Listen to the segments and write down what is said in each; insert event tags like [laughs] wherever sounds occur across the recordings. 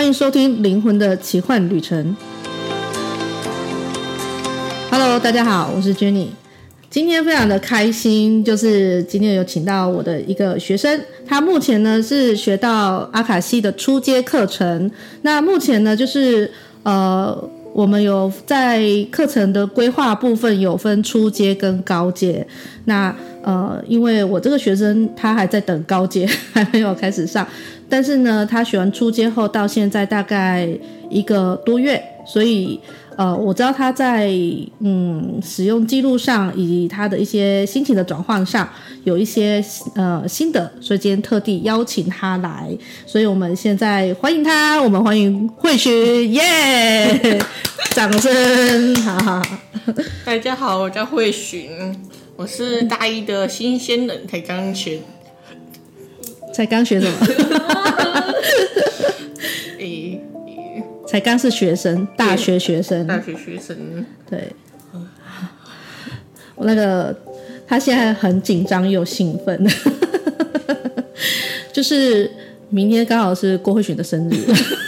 歡迎收聽《靈魂的奇幻旅程》。Hello，大家好，我是 Jannie。今天非常的開心，就是今天有請到我的一個學生，他目前呢是學到阿卡西的初階課程。那目前呢，就是呃，我們有在課程的規劃部分有分初階跟高階。那呃，因為我這個學生他還在等高階，還沒有開始上。但是呢，他學完初階後到現在大概一個多月，所以呃，我知道他在嗯使用記錄上以及他的一些心情的轉換上有一些呃心得，所以今天特地邀請他來，所以我們現在歡迎他，我們歡迎卉珣，耶、yeah! [laughs] 掌聲，哈 [laughs] [laughs] 大家好，我叫卉珣，我是大一的新鮮人，才剛學。才剛學什麼？ [laughs] 才剛是學生，大學學生， [laughs] 大學學生， [laughs] 對。我那個他現在很緊張又興奮， [laughs] 就是明天剛好是郭卉珣的生日。 [laughs]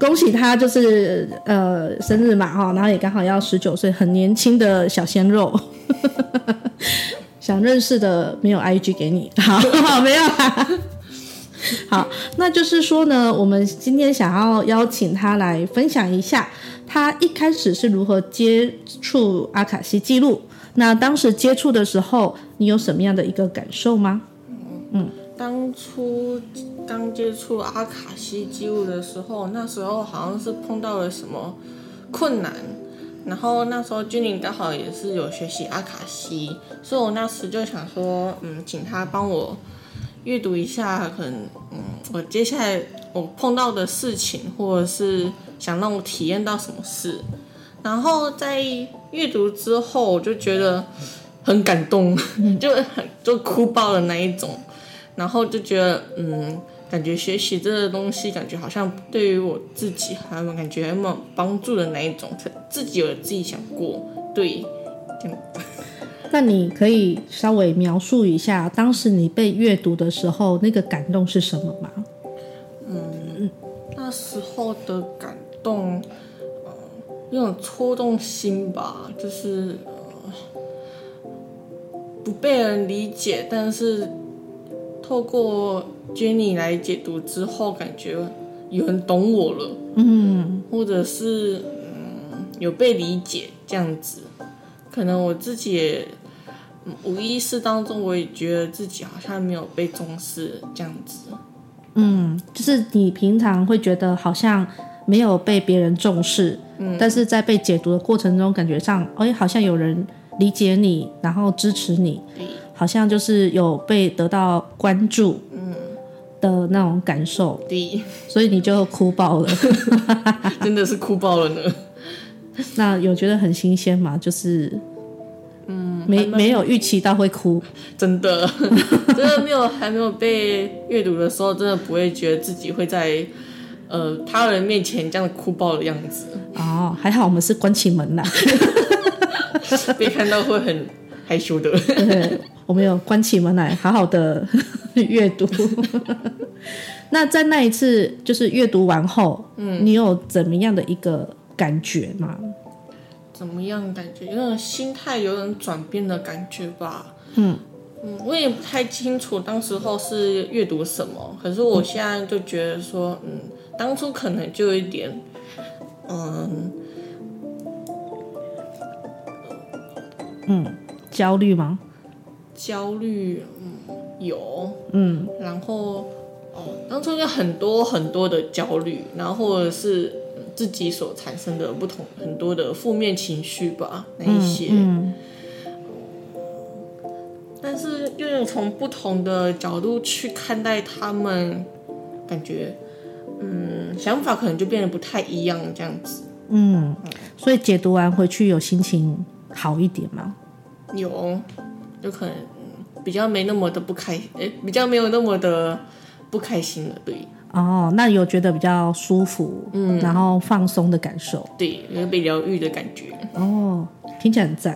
恭喜他，就是呃生日嘛哈，然後也剛好要十九歲，很年輕的小鮮肉， [laughs] 想認識的沒有 IG 給你，好，沒有啦。好，那就是說呢，我們今天想要邀請他來分享一下，他一開始是如何接觸阿卡西記錄，那當時接觸的時候，你有什麼樣的一個感受嗎？嗯。當初剛接觸阿卡西記錄的時候，那時候好像是碰到了什麼困難，然後那時候 Jannie 剛好也是有學習阿卡西，所以我那時就想說，嗯，請他幫我閱讀一下，可能嗯我接下來我碰到的事情，或者是想讓我體驗到什麼事。然後在閱讀之後，我就覺得很感動， [laughs] 就很就哭爆的那一種。然後就覺得，嗯，感覺學習這個東西，感覺好像對於我自己，還有感覺還沒有幫助的那一種，自己有自己想過。對。那你可以稍微描述一下當時你被閱讀的時候那個感動是什麼嗎？嗯，那時候的感動，嗯，那種戳動心吧，就是、嗯、不被人理解，但是。透過 Jannie 來解讀之後，感覺有人懂我了，嗯，嗯，或者是嗯，有被理解這樣子，可能我自己也無意識當中，我也覺得自己好像沒有被重視這樣子，嗯，就是你平常會覺得好像沒有被別人重視，嗯，但是在被解讀的過程中，感覺上哎、欸、好像有人理解你，然後支持你。嗯好像就是有被得到關注，嗯，的那種感受，嗯，所以你就哭爆了， [laughs] [laughs] 真的是哭爆了呢。那有覺得很新鮮嗎？就是，嗯，沒沒，沒有預期到會哭，真的，真的沒有，還沒有被閱讀的時候，真的不會覺得自己會在呃他人面前這樣哭爆的樣子。哦，還好我們是關起門來， [laughs] [laughs] 被看到會很。害羞的 [laughs] 對對對，我沒有關起門來好好的閱 [laughs] 閱讀。 [laughs] 那在那一次就是閱讀完後，嗯，你有怎麼樣的一個感覺嗎？怎麼樣感覺？因為心態有點轉變的感覺吧。嗯嗯，我也不太清楚當時候是閱讀什麼，可是我現在就覺得說，嗯，當初可能就有一點，嗯嗯。焦慮嗎？焦慮，嗯，有，嗯，然後，哦，當初有很多很多的焦慮，然後或者是自己所產生的不同很多的負面情緒吧，那一些。嗯嗯，但是又從不同的角度去看待他們，感覺，嗯，想法可能就變得不太一樣，這樣子。嗯，嗯，所以解讀完回去有心情好一點嗎？有，有可能比較沒那麼的不開心，哎、欸，比較沒有那麼的不開心了，對。哦，那有覺得比較舒服，嗯，然後放鬆的感受，對，有、那個、被療癒的感覺。哦，聽起來很讚。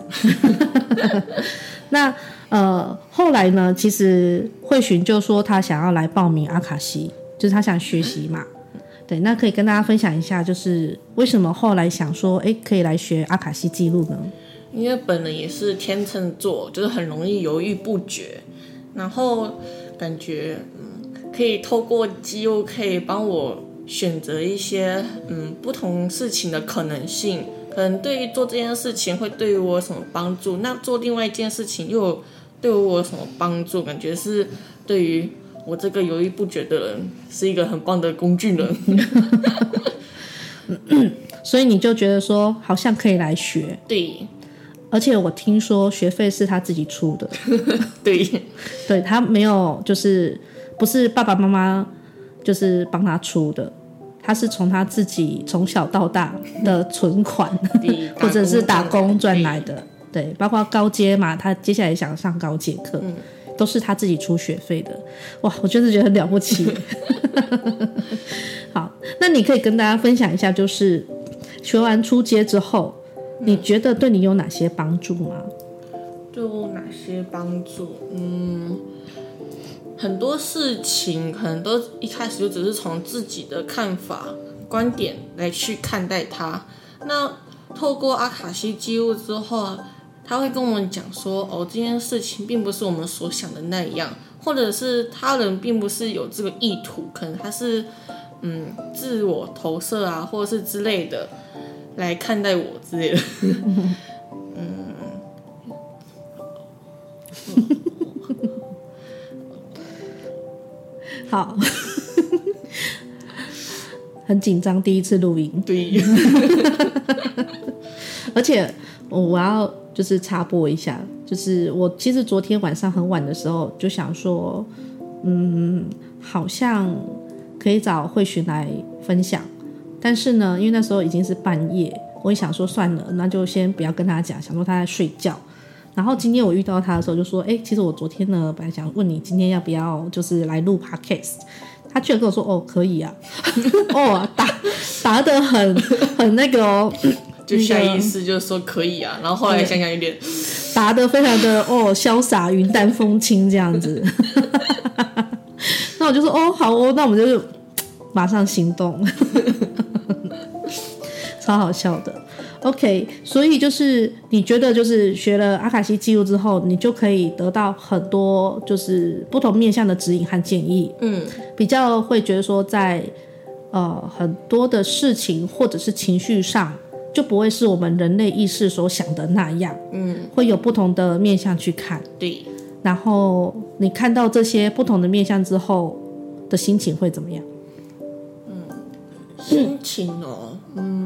[laughs] [laughs] 那呃，後來呢，其實卉珣就說他想要來報名阿卡西，就是他想學習嘛。對，那可以跟大家分享一下，就是為什麼後來想說，哎、欸，可以來學阿卡西記錄呢？因為本人也是天秤座，就是很容易猶豫不決，然後感覺嗯，可以透過紀錄可以幫我選擇一些嗯不同事情的可能性，可能對於做這件事情會對於我什麼幫助，那做另外一件事情又對我有什麼幫助？感覺是對於我這個猶豫不決的人是一個很棒的工具人， [laughs] [laughs] 所以你就覺得說好像可以來學。對。而且我聽說學費是他自己出的， [laughs] 對，對，他沒有就是不是爸爸媽媽就是幫他出的，他是從他自己從小到大的存款 [laughs] 或者是打工賺來的，工的，對，包括高階嘛，他接下來想上高階課、嗯、都是他自己出學費的，哇，我真的覺得很了不起。 [laughs] [laughs] 好，那你可以跟大家分享一下，就是學完初階之後。你覺得對你有哪些幫助嗎？對我有哪些幫助？嗯，很多事情可能都一開始就只是從自己的看法、觀點來去看待它。那透過阿卡西記錄之後，他會跟我們講說：“哦，這件事情並不是我們所想的那樣，或者是他人並不是有這個意圖，可能他是嗯自我投射啊，或者是之類的。”來看待我之類的，嗯 [laughs] [laughs] [laughs] 好， [laughs] 很緊張，第一次錄音， [laughs] 對， [laughs] [laughs] 而且我，我要就是插播一下，就是我其實昨天晚上很晚的時候就想說，嗯，好像可以找卉珣來分享。但是呢，因為那時候已經是半夜，我也想說算了，那就先不要跟他講，想說他在睡覺。然後今天我遇到他的時候，就說：“哎、欸，其實我昨天呢，本來想問你今天要不要就是來錄 podcast。”他居然跟我說：“哦，可以啊， [laughs] 哦，答答得很很那個。”哦，就下意識就說可以啊。然後後來想想有點答得、嗯、非常的哦瀟灑雲淡風輕這樣子。 [laughs] 那我就說：“哦，好哦，那我們就是馬上行動。 [laughs] ”超好笑的，OK。所以就是你覺得，就是學了阿卡西記錄之後，你就可以得到很多就是不同面向的指引和建議。嗯，比較會覺得說在，在呃很多的事情或者是情緒上，就不會是我們人類意識所想的那樣。嗯，會有不同的面向去看。對。然後你看到這些不同的面向之後的心情會怎麼樣？嗯，心情哦，嗯。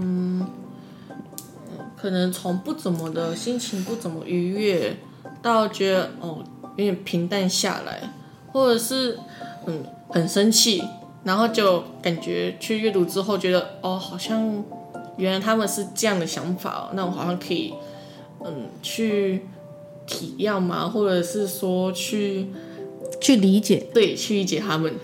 可能從不怎麼的心情不怎麼愉悅，到覺得哦有點平淡下來，或者是嗯很生氣，然後就感覺去閱讀之後覺得哦好像原來他們是這樣的想法哦，那我好像可以嗯去體驗嘛，或者是說去去理解，對，去理解他們。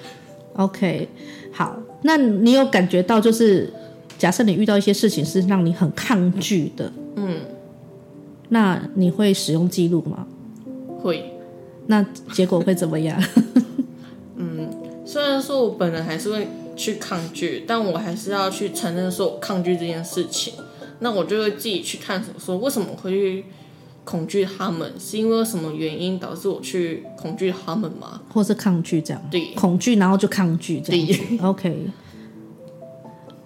OK，好，那你有感覺到就是？假設你遇到一些事情是讓你很抗拒的，嗯，那你會使用記錄嗎？會。那結果會怎麼樣？ [laughs] 嗯，雖然說我本人還是會去抗拒，但我還是要去承認說我抗拒這件事情。那我就會自己去探索，說為什麼我會去恐懼他們，是因為什麼原因導致我去恐懼他們嗎？或是抗拒這樣？對，恐懼然後就抗拒這樣。對，OK。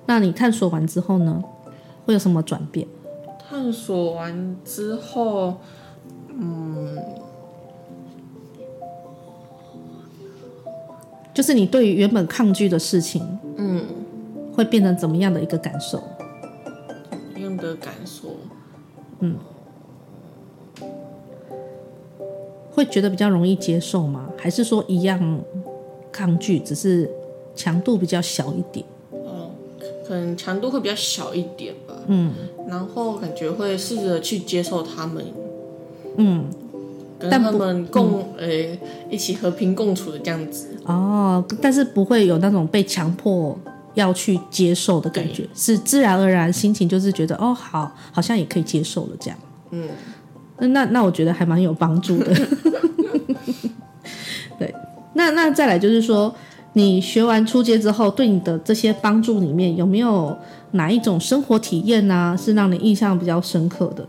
那你探索完之後呢？會有什麼轉變？探索完之後，嗯，就是你對於原本抗拒的事情，嗯，會變成怎麼樣的一個感受？怎樣的感受，嗯，會覺得比較容易接受嗎？還是說一樣抗拒，只是強度比較小一點？可能強度會比較小一點吧。嗯，然後感覺會試着去接受他們，嗯，跟他們共誒、嗯、一起和平共處的這樣子。哦，但是不會有那種被強迫要去接受的感覺，是自然而然心情就是覺得哦，好，好像也可以接受了這樣。嗯，嗯，那那我覺得還蠻有幫助的。 [laughs] [laughs] 對，那那再來就是說。你學完初階之後，對你的這些幫助裡面有沒有哪一種生活體驗呢、啊？是讓你印象比較深刻的？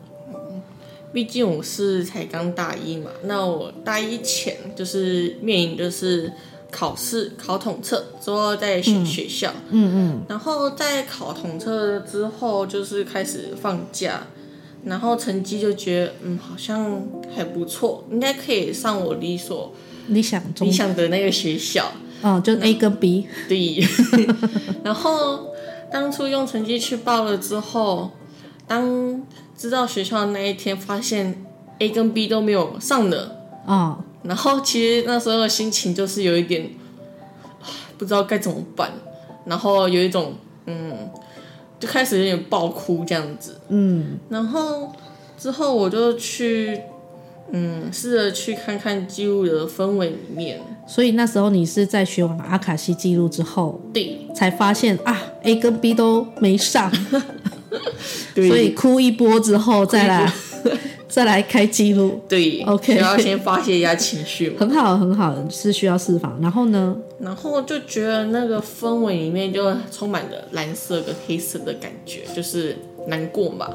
畢竟我是才剛大一嘛，那我大一前就是面臨就是考試，考統測之後再選學校，嗯嗯，然後在考統測之後就是開始放假，然後成績就覺得嗯好像還不錯，應該可以上我理想理想的那個學校。哦，就 A 跟 B，對。 [laughs] 然後當初用成績去報了之後，當知道學校的那一天發現 A 跟 B 都沒有上的，啊、哦。然後其實那時候的心情就是有一點不知道該怎麼辦，然後有一種嗯，就開始有點爆哭這樣子。嗯，然後之後我就去。嗯，試着去看看記錄的氛圍裡面。所以那時候你是在學完阿卡西記錄之後，對，才發現啊，A 跟 B 都沒上 [laughs] 對，所以哭一波之後再來， [laughs] 再來開記錄，對，OK。需要先發洩一下情緒， [laughs] 很好，很好，是需要釋放。然後呢？然後就覺得那個氛圍裡面就充滿了藍色跟黑色的感覺，就是難過嘛。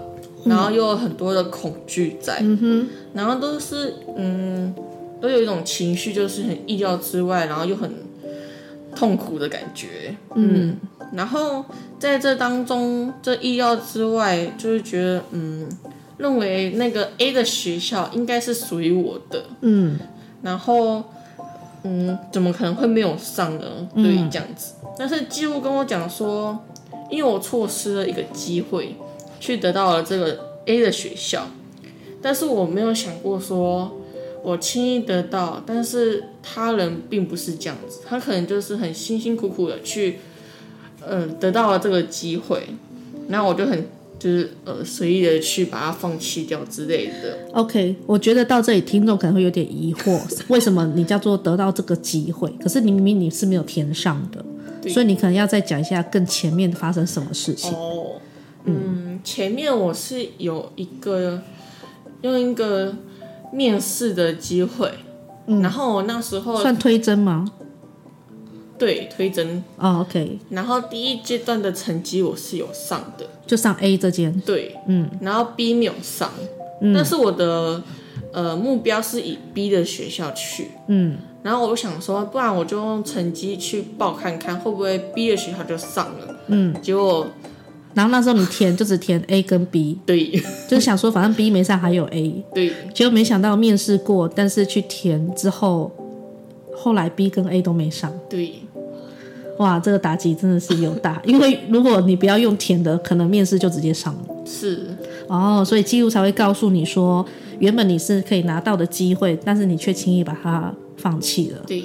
然後又有很多的恐懼在，嗯哼，然後都是嗯，都有一種情緒，就是很意料之外，然後又很痛苦的感覺。嗯，嗯，然後在這當中，這意料之外，就是覺得嗯，認為那個 A 的學校應該是屬於我的。嗯，然後嗯，怎麼可能會沒有上呢？對，這樣子。嗯。但是記錄跟我講說，因為我錯失了一個機會。去得到了這個 A 的學校，但是我沒有想過說，我輕易得到，但是他人並不是這樣子，他可能就是很辛辛苦苦的去，嗯、呃，得到了這個機會，那我就很就是呃隨意的去把它放棄掉之類的。OK，我覺得到這裡聽眾可能會有點疑惑， [laughs] 為什麼你叫做得到這個機會？可是你明明你是沒有填上的，所以你可能要再講一下更前面發生什麼事情。Oh. 前面我是有一個用一個面試的機會、嗯，然後我那時候算推甄嗎？對，推甄，啊、oh，OK。然後第一階段的成績我是有上的，就上 A 這間，對，嗯。然後 B 沒有上，嗯、但是我的呃目標是以 B 的學校去，嗯。然後我想說，不然我就用成績去報看看，會不會 B 的學校就上了，嗯。結果。然後那時候你填就只填 A 跟 B，對，就是想說，反正 B 沒上還有 A，對，結果沒想到面試過，但是去填之後，後來 B 跟 A 都沒上，對，哇，這個打擊真的是有大， [laughs] 因為如果你不要用填的，可能面試就直接上了，是，哦，所以記錄才會告訴你說，原本你是可以拿到的機會，但是你卻輕易把它放棄了，對，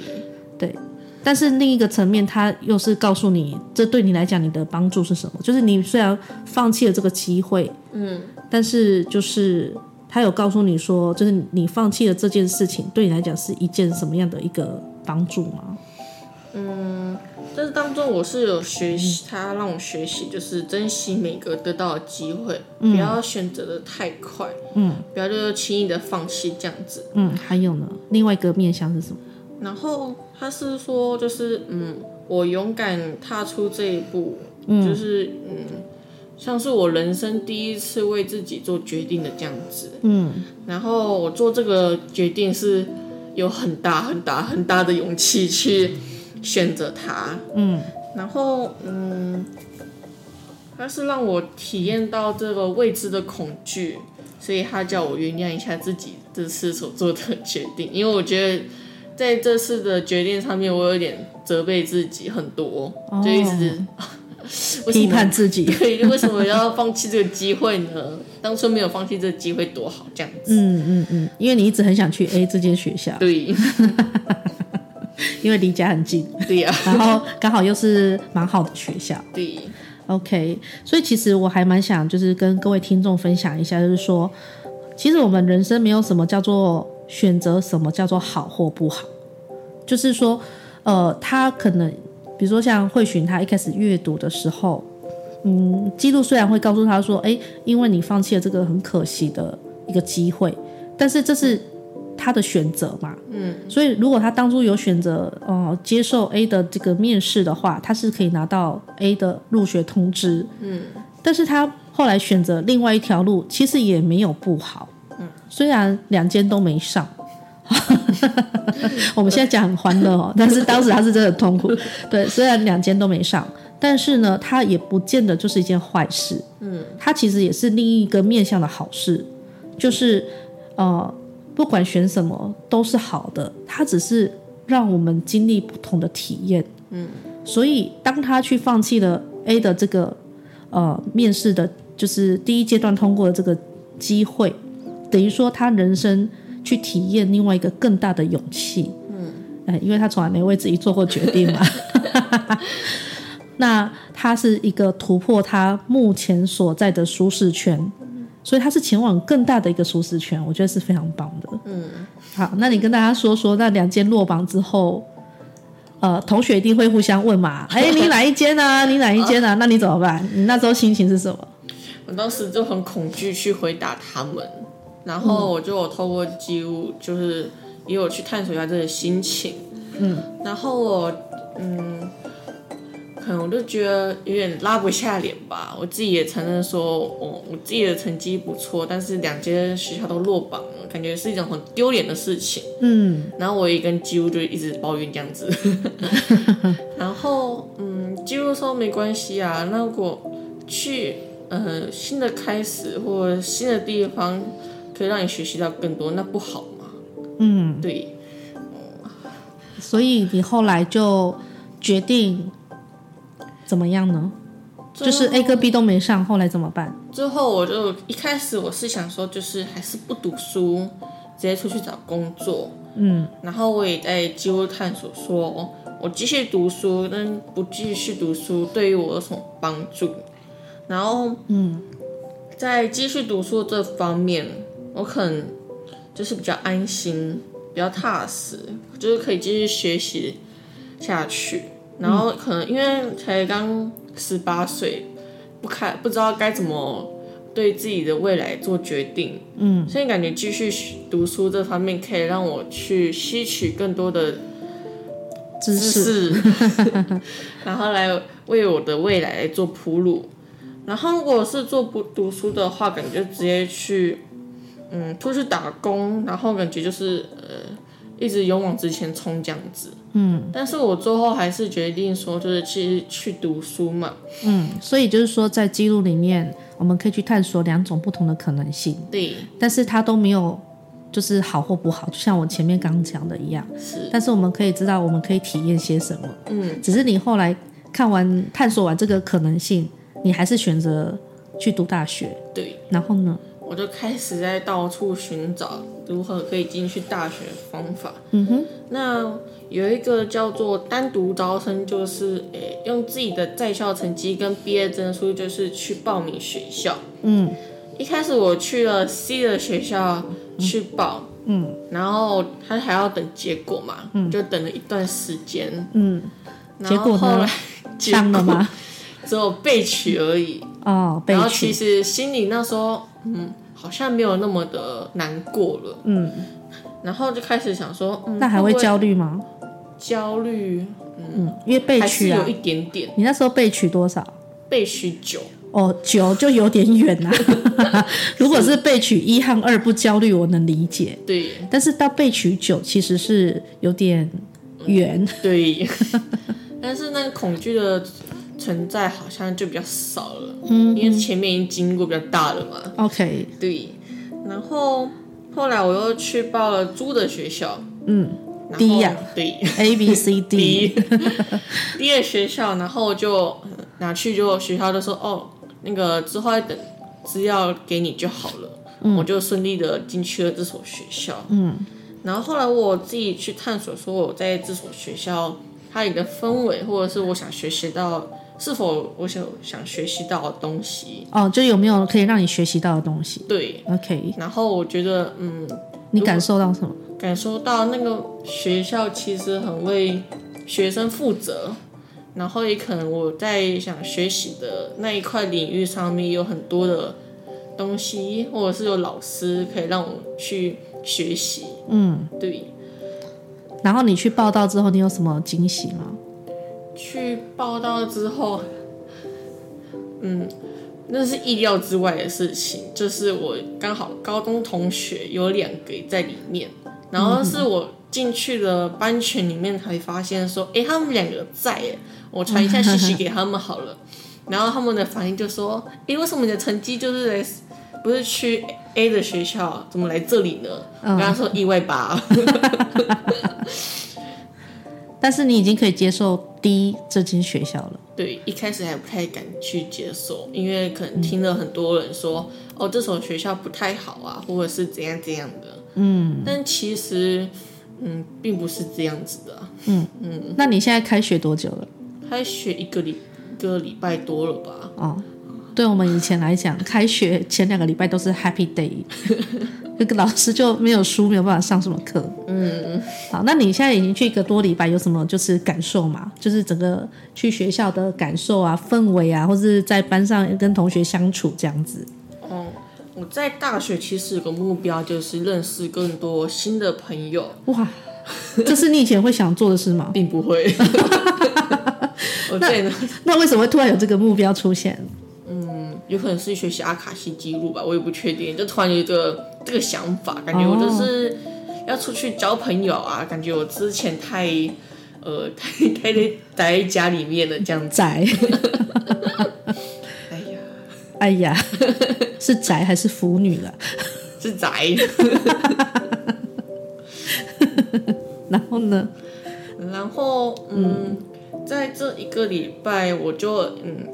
對。但是另一個層面，他又是告訴你，這對你來講，你的幫助是什麼？就是你雖然放棄了這個機會，嗯，但是就是他有告訴你說，就是你放棄了這件事情，對你來講是一件什麼樣的一個幫助嗎？嗯，但、就是當中我是有學習，他讓我學習，就是珍惜每個得到的機會，嗯，不要選擇的太快，嗯，不要就輕易的放棄這樣子。嗯，還有呢，另外一個面向是什麼？然後。他是說，就是嗯，我勇敢踏出這一步，嗯、就是嗯，像是我人生第一次為自己做決定的這樣子，嗯，然後我做這個決定是有很大很大很大的勇氣去選擇它，嗯，然後嗯，他是讓我體驗到這個未知的恐懼，所以他叫我原諒一下自己這次所做的決定，因為我覺得。在這次的決定上面，我有點責備自己很多，Oh. 就一直批判自己，對，為什麼要放棄這個機會呢？ [laughs] 當初沒有放棄這個機會多好，這樣子。嗯嗯嗯，因為你一直很想去 A 這間學校，對，因為離家很近，對呀、啊，然後剛好又是蠻好的學校，對。OK，所以其實我還蠻想就是跟各位聽眾分享一下，就是說，其實我們人生沒有什麼叫做，選擇什麼叫做好或不好，就是說，呃，他可能，比如說像卉珣，他一開始閱讀的時候，嗯，記錄雖然會告訴他說，哎，因為你放棄了這個很可惜的一個機會，但是這是他的選擇嘛，嗯，所以如果他當初有選擇，哦、呃，接受 A 的這個面試的話，他是可以拿到 A 的入學通知，嗯，但是他後來選擇另外一條路，其實也沒有不好。雖然兩間都沒上， [laughs] [laughs] 我們現在講很歡樂哦， [laughs] 但是當時他是真的很痛苦。對，雖然兩間都沒上，但是呢，他也不見得就是一件壞事。嗯，他其實也是另一個面向的好事，就是呃，不管選什麼都是好的，他只是讓我們經歷不同的體驗。嗯，所以當他去放棄了 A 的這個呃面試的，就是第一階段通過的這個機會。等於說，他人生去體驗另外一個更大的勇氣，嗯，哎，因為他從來沒為自己做過決定嘛。 [laughs] [laughs] 那他是一個突破他目前所在的舒適圈，嗯，所以他是前往更大的一個舒適圈，我覺得是非常棒的。嗯，好，那你跟大家說說，那兩間落榜之後，呃，同學一定會互相問嘛。哎， [laughs] 你哪一間呢？啊？你哪一間呢？啊？ [laughs] 那你怎麼辦？你那時候心情是什麼？我當時就很恐懼去回答他們。然後我就有透過紀錄，就是也有去探索一下自己的心情。嗯，然後我嗯，可能我就覺得有點拉不下臉吧。我自己也承認說我我自己的成績不錯，但是兩間學校都落榜了，感覺是一種很丟臉的事情。嗯，然後我也跟紀錄就一直抱怨這樣子。呵呵 [laughs] 然後嗯，紀錄說沒關係啊，那如果去呃新的開始或新的地方。所以讓你學習到更多，那不好嗎？嗯，對嗯。所以你後來就決定怎麼樣呢？就是 A 跟 B 都沒上，後來怎麼辦？之後我就一開始我是想說，就是還是不讀書，直接出去找工作。嗯。然後我也在幾乎探索，說我繼續讀書，但不繼續讀書對於我有什麼幫助？然後嗯，在繼續讀書這方面。嗯我可能就是比較安心，比較踏實，就是可以繼續學習下去。然後可能因為才剛十八歲，不開，不知道該怎麼對自己的未來做決定。嗯，所以感覺繼續讀書這方面可以讓我去吸取更多的知識，知識 [laughs] [laughs] 然後來為我的未來來做鋪路。然後如果是做不讀書的話，感覺就直接去。嗯，出去打工，然後感覺就是呃，一直勇往直前衝這樣子。嗯，但是我最後還是決定說，就是去去讀書嘛。嗯，所以就是說，在記錄裡面，我們可以去探索兩種不同的可能性。對。但是它都沒有，就是好或不好，就像我前面剛剛講的一樣。是。但是我們可以知道，我們可以體驗些什麼。嗯。只是你後來看完探索完這個可能性，你還是選擇去讀大學。對。然後呢？我就開始在到處尋找如何可以進去大學的方法。嗯哼，那有一個叫做單獨招生，就是誒、欸、用自己的在校成績跟畢業證書，就是去報名學校。嗯，一開始我去了 C 的學校去報。嗯，嗯然後他還要等結果嘛，嗯、就等了一段時間。嗯，結果後來上了嗎？只有備取而已。哦，被取，然後其實心裡那時候，嗯，好像沒有那麼的難過了，嗯，然後就開始想說，嗯、那還會焦慮嗎？焦慮，嗯，因為被取啊，有一點點。你那時候被取多少？被取九。哦，九就有點遠啊。 [laughs] [laughs] 如果是被取一和二不焦慮，我能理解。對。但是到被取九，其實是有點遠，嗯。對。 [laughs] 但是那個恐懼的。存在好像就比較少了，嗯，因為前面已經經過比較大了嘛。OK，嗯、對。然後後來我又去報了租的學校，嗯，D 呀、啊，對，A B C D，D [laughs] 的學校。然後就拿去就學校就說，哦，那個之後再等資料給你就好了，嗯、我就順利的進去了這所學校。嗯，然後後來我自己去探索說，我在這所學校它裡的氛圍，或者是我想學習到。是否我想想學習到的東西哦？就有沒有可以讓你學習到的東西？對，OK。然後我覺得，嗯，你感受到什麼？感受到那個學校其實很為學生負責，然後也可能我在想學習的那一塊領域上面有很多的東西，或者是有老師可以讓我去學習。嗯，對。然後你去報到之後，你有什麼驚喜嗎？去報到之後，嗯，那是意料之外的事情。就是我剛好高中同學有兩個在裡面，然後是我進去了班群裡面才發現，說：“哎、嗯，他們兩個在。”我傳一下信息，息給他們好了、嗯呵呵。然後他們的反應就說：“哎，為什麼你的成績就是來不是去 A 的學校、啊，怎麼來這裡呢？”我跟他說：“意外吧。哦” [laughs] 但是你已經可以接受第一這間學校了？對，一開始還不太敢去接受，因為可能聽了很多人說，嗯、哦，這所學校不太好啊，或者是怎樣怎樣的。嗯，但其實，嗯，並不是這樣子的。嗯嗯，那你現在開學多久了？開學一個禮，一個禮拜多了吧。哦。對我們以前來講，開學前兩個禮拜都是 Happy Day，那 [laughs] 個老師就沒有書，沒有辦法上什麼課。嗯，好，那你現在已經去一個多禮拜，有什麼就是感受嘛？就是整個去學校的感受啊，氛圍啊，或者在班上跟同學相處這樣子。哦，我在大學其實有個目標，就是認識更多新的朋友。哇，這是你以前會想做的事嗎？並不會。 [laughs] [laughs] [laughs] 對，那那為什麼會突然有這個目標出現？有可能是學習阿卡西記錄吧，我也不確定。就突然有一個這個想法，感覺我就是要出去交朋友啊！哦、感覺我之前太呃太太待在家裡面了，這樣子宅。 [laughs] 哎呀，哎呀，是宅還是腐女了？ [laughs] 是宅。 [laughs] [laughs] 然後呢？然後嗯，嗯，在這一個禮拜，我就嗯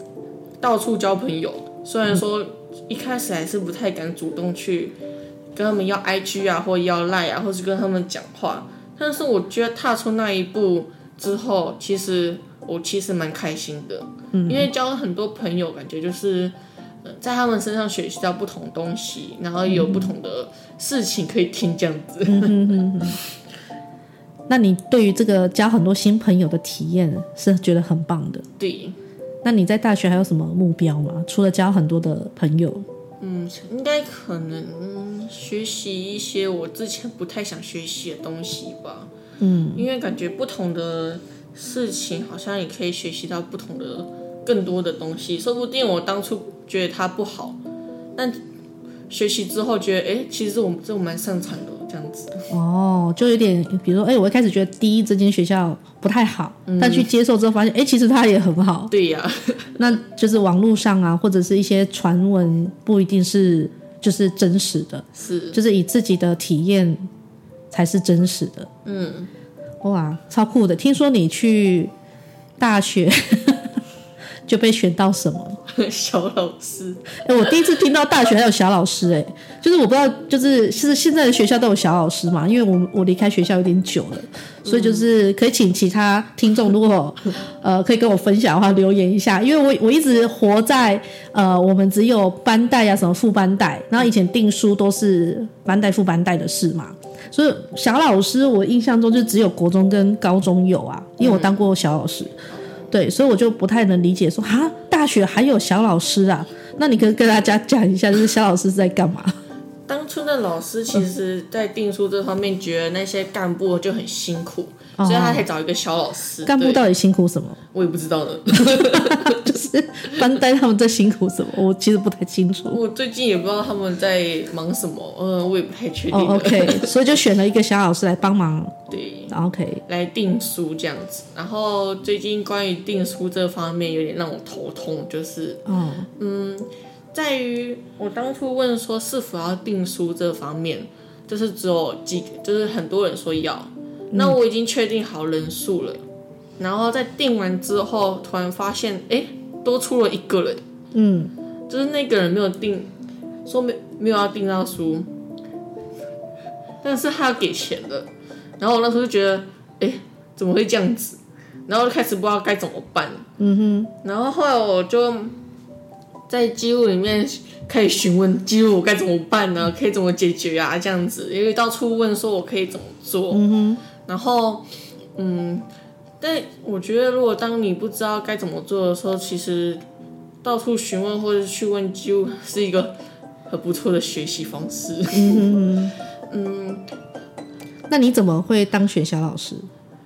到處交朋友。雖然說一開始還是不太敢主動去跟他們要 IG 啊，或要賴啊，或是跟他們講話，但是我覺得踏出那一步之後，其實我其實蠻開心的，嗯、因為交了很多朋友，感覺就是、呃、在他們身上學習到不同東西，然後有不同的事情可以聽這樣子。嗯哼嗯哼，那你對於這個交很多新朋友的體驗是覺得很棒的？對。那你在大學還有什麼目標嗎？除了交很多的朋友，嗯，應該可能學習一些我之前不太想學習的東西吧。嗯，因為感覺不同的事情好像也可以學習到不同的更多的東西。說不定我當初覺得它不好，但學習之後覺得，哎、欸，其實我這我蠻擅長的。這樣子哦，就有點，比如說，哎、欸，我一開始覺得第一這間學校不太好、嗯，但去接受之後發現，哎、欸，其實它也很好。對呀、啊，那就是網絡上啊，或者是一些傳聞，不一定是就是真實的，是就是以自己的體驗才是真實的。嗯，哇，超酷的！聽說你去大學 [laughs] 就被選到什麼？小老師，哎、欸，我第一次聽到大學還有小老師、欸，哎， [laughs] 就是我不知道，就是是現在的學校都有小老師嘛？因為我我離開學校有點久了，所以就是可以請其他聽眾，如果、嗯、呃可以跟我分享的話，留言一下，因為我我一直活在呃我們只有班代啊什麼副班代，然後以前訂書都是班代、副班代的事嘛，所以小老師我印象中就只有國中跟高中有啊，因為我當過小老師。嗯對，所以我就不太能理解說，說哈，大學還有小老師啊？那你可以跟大家講一下，就是小老師在幹嘛？當初的老師其實，在訂書這方面，覺得那些幹部就很辛苦。所以他才找一個小老師。幹、哦啊、部到底辛苦什麼？我也不知道呢。 [laughs] 就是班代他們在辛苦什麼，我其實不太清楚。我最近也不知道他們在忙什麼，嗯，我也不太確定了、哦。OK，所以就選了一個小老師來幫忙。對、哦、，OK，來訂書這樣子、嗯。然後最近關於訂書這方面有點讓我頭痛，就是，哦、嗯，在於我當初問說是否要訂書這方面，就是只有幾，就是很多人說要。那我已經確定好人數了、嗯，然後在訂完之後，突然發現，哎、欸，多出了一個人，嗯，就是那個人沒有訂，說沒沒有要訂到書，但是他要給錢的，然後我那時候就覺得，哎、欸，怎麼會這樣子？然後就開始不知道該怎麼辦，嗯哼，然後後來我就在記錄裡面開始詢問記錄我該怎麼辦呢？可以怎麼解決啊？這樣子，因為到處問，說我可以怎麼做，嗯哼。然後，嗯，但我覺得，如果當你不知道該怎麼做的時候，其實到處詢問或者去問，就是一個很不錯的學習方式。嗯嗯。那你怎麼會當學小老師？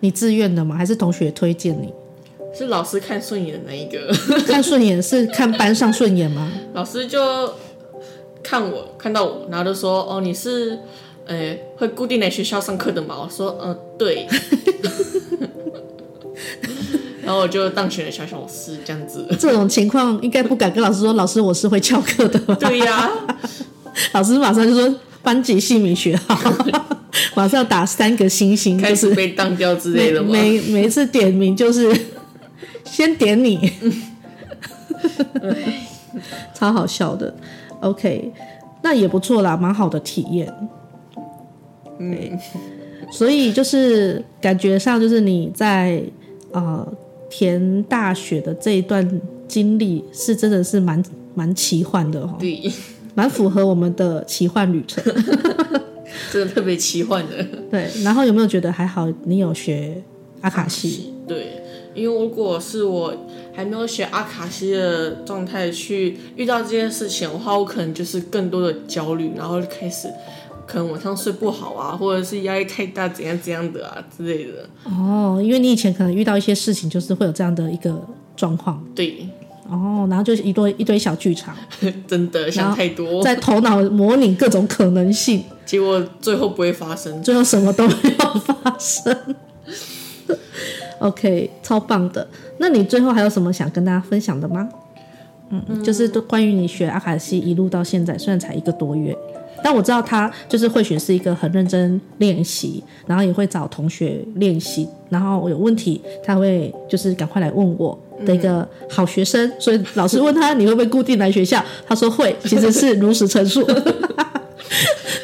你自願的嗎？還是同學推薦你？是老師看順眼的那一個。 [laughs] 看順眼是看班上順眼嗎？老師就看我，看到我，然後就說：“哦，你是。”哎、欸，會固定來學校上課的嘛？我說，呃對。 [laughs] 然後我就當成了小小老師，這樣子。這種情況應該不敢跟老師說， [laughs] 老師我是會翹課的吧？對呀、啊，老師馬上就說班級姓名學好， [laughs] [laughs] 馬上打三個星星，開 [laughs] 始被當掉之類的。每每一次點名就是先點你， [laughs] 超好笑的。OK，那也不錯啦，蠻好的體驗。Okay. 嗯、所以就是感覺上，就是你在啊、呃、填大學的這一段經歷是真的是蠻蠻奇幻的哈，對，蠻符合我們的奇幻旅程， [laughs] 真的特別奇幻的。 [laughs] 對，然後有沒有覺得還好？你有學阿卡西，對，因為如果是我還沒有學阿卡西的狀態去遇到這件事情的話，我可能就是更多的焦慮，然後就開始。可能晚上睡不好啊，或者是壓力太大，怎樣怎樣的啊之類的。哦，因為你以前可能遇到一些事情，就是會有這樣的一個狀況。對。哦，然後就是一堆一堆小劇場。 [laughs] 真的想太多，在頭腦模擬各種可能性， [laughs] 結果最後不會發生，最後什麼都沒有發生。 [laughs] OK，超棒的。那你最後還有什麼想跟大家分享的嗎？嗯，嗯就是都關於你學阿卡西一路到現在，雖然才一個多月。但我知道他就是會選是一個很認真練習，然後也會找同學練習，然後我有問題他會就是趕快來問我的一個好學生。嗯。所以老師問他你會不會固定來學校， [laughs] 他說會，其實是如實陳述。 [laughs]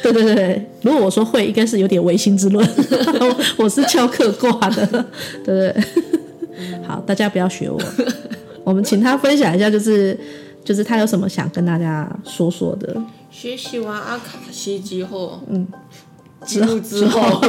對，對對對，如果我說會，應該是有點違心之論。 [laughs] 我是翹課掛的，對對。 [laughs] 好，大家不要學我。 [laughs] 我們請他分享一下，就是。就是他有什麼想跟大家說說的？學習完阿卡西之後，嗯，之後之後，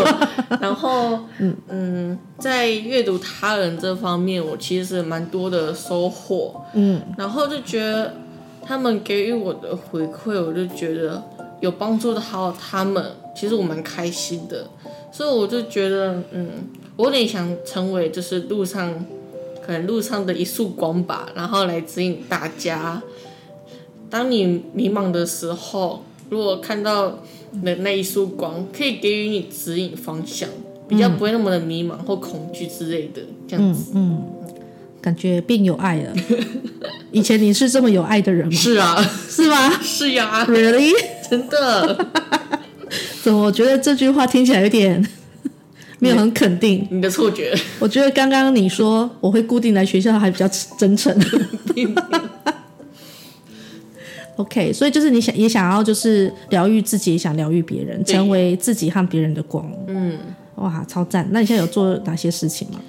然後，嗯嗯，在閱讀他人這方面，我其實蠻多的收穫，嗯，然後就覺得他們給予我的回饋，我就覺得有幫助的，好，好。他們，其實我蠻開心的，所以我就覺得，嗯，我有點想成為，就是路上。可、嗯、路上的一束光吧，然後來指引大家。當你迷茫的時候，如果看到的那一束光，可以給予你指引方向，比較不會那麼的迷茫或恐懼之類的。這樣子，嗯，嗯感覺變有愛了。 [laughs] 以前你是這麼有愛的人嗎？是啊，是嗎？是呀、啊，Really？真的？ [laughs] 怎麼？我覺得這句話聽起來有點。沒有很肯定，嗯、你的錯覺。我覺得剛剛你說我會固定來學校，還比較真誠。 [laughs] [laughs] OK，所以就是你想也想要就是療癒自己，也想療癒別人，成為自己和別人的光。嗯，哇，超讚！那你現在有做哪些事情嗎？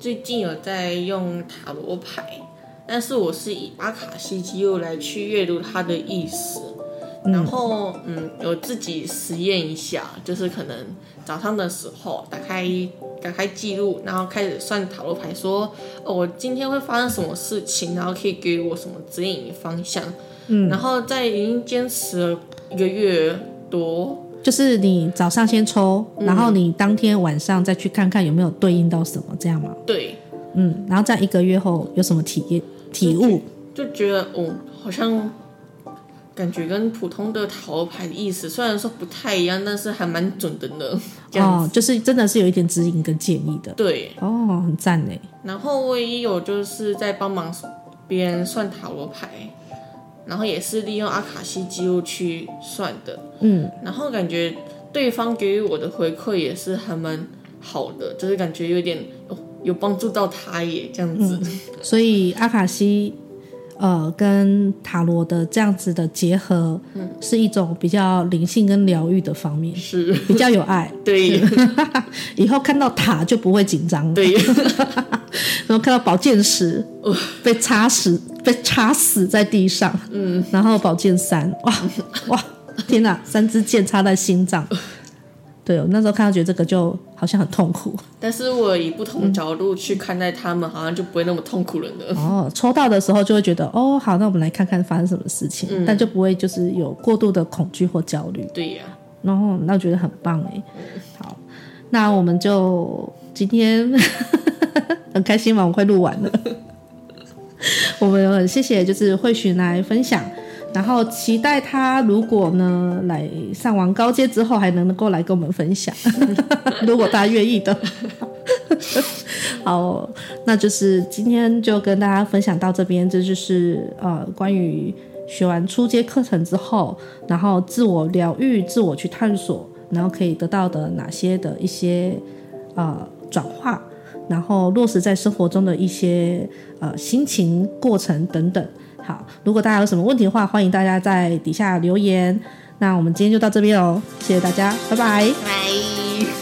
最近有在用塔羅牌，但是我是以阿卡西紀錄來去閱讀它的意思。然後，嗯，有自己實驗一下，就是可能早上的時候打開打開記錄，然後開始算塔羅牌，說，哦，我今天會發生什麼事情，然後可以給我什麼指引方向。嗯，然後在已經堅持了一個月多，就是你早上先抽，嗯，然後你當天晚上再去看看有沒有對應到什麼，這樣嗎？對，嗯，然後在一個月後有什麼體驗體悟？就，就覺得哦，嗯，好像。感覺跟普通的塔羅牌的意思雖然說不太一樣，但是還蠻準的呢。哦，就是真的是有一點指引跟建議的。對，哦，很讚呢。然後我也有就是在幫忙別人算塔羅牌，然後也是利用阿卡西記錄去算的。嗯，然後感覺對方給予我的回饋也是還蠻好的，就是感覺有點、哦、有幫助到他耶。這樣子。嗯、所以阿卡西。呃，跟塔羅的這樣子的結合，嗯、是一種比較靈性跟療癒的方面，是比較有愛。對， [laughs] 以後看到塔就不會緊張了。對， [laughs] 然後看到寶劍十被插死、呃、被插死，被插死在地上。嗯，然後寶劍三，哇哇，天哪、啊，三支劍插在心臟。呃對，我那時候看到覺得這個就好像很痛苦，但是我以不同角度去看待他們，嗯、好像就不會那麼痛苦了的。哦，抽到的時候就會覺得，哦，好，那我們來看看發生什麼事情，嗯、但就不會就是有過度的恐懼或焦慮。對呀、啊，然、哦、後那我覺得很棒哎，好，那我們就今天 [laughs] 很開心嘛，我們快錄完了， [laughs] 我們很謝謝就是卉珣來分享。然後期待他如果呢來上完高階之後還能夠來跟我們分享， [laughs] [laughs] 如果大家願意的， [laughs] 好，那就是今天就跟大家分享到這邊，這就是呃關於學完初階課程之後，然後自我療癒、自我去探索，然後可以得到的哪些的一些呃轉化，然後落實在生活中的一些呃心情過程等等。好，如果大家有什麼問題的話，歡迎大家在底下留言。那我們今天就到這邊哦，謝謝大家，拜拜。拜拜。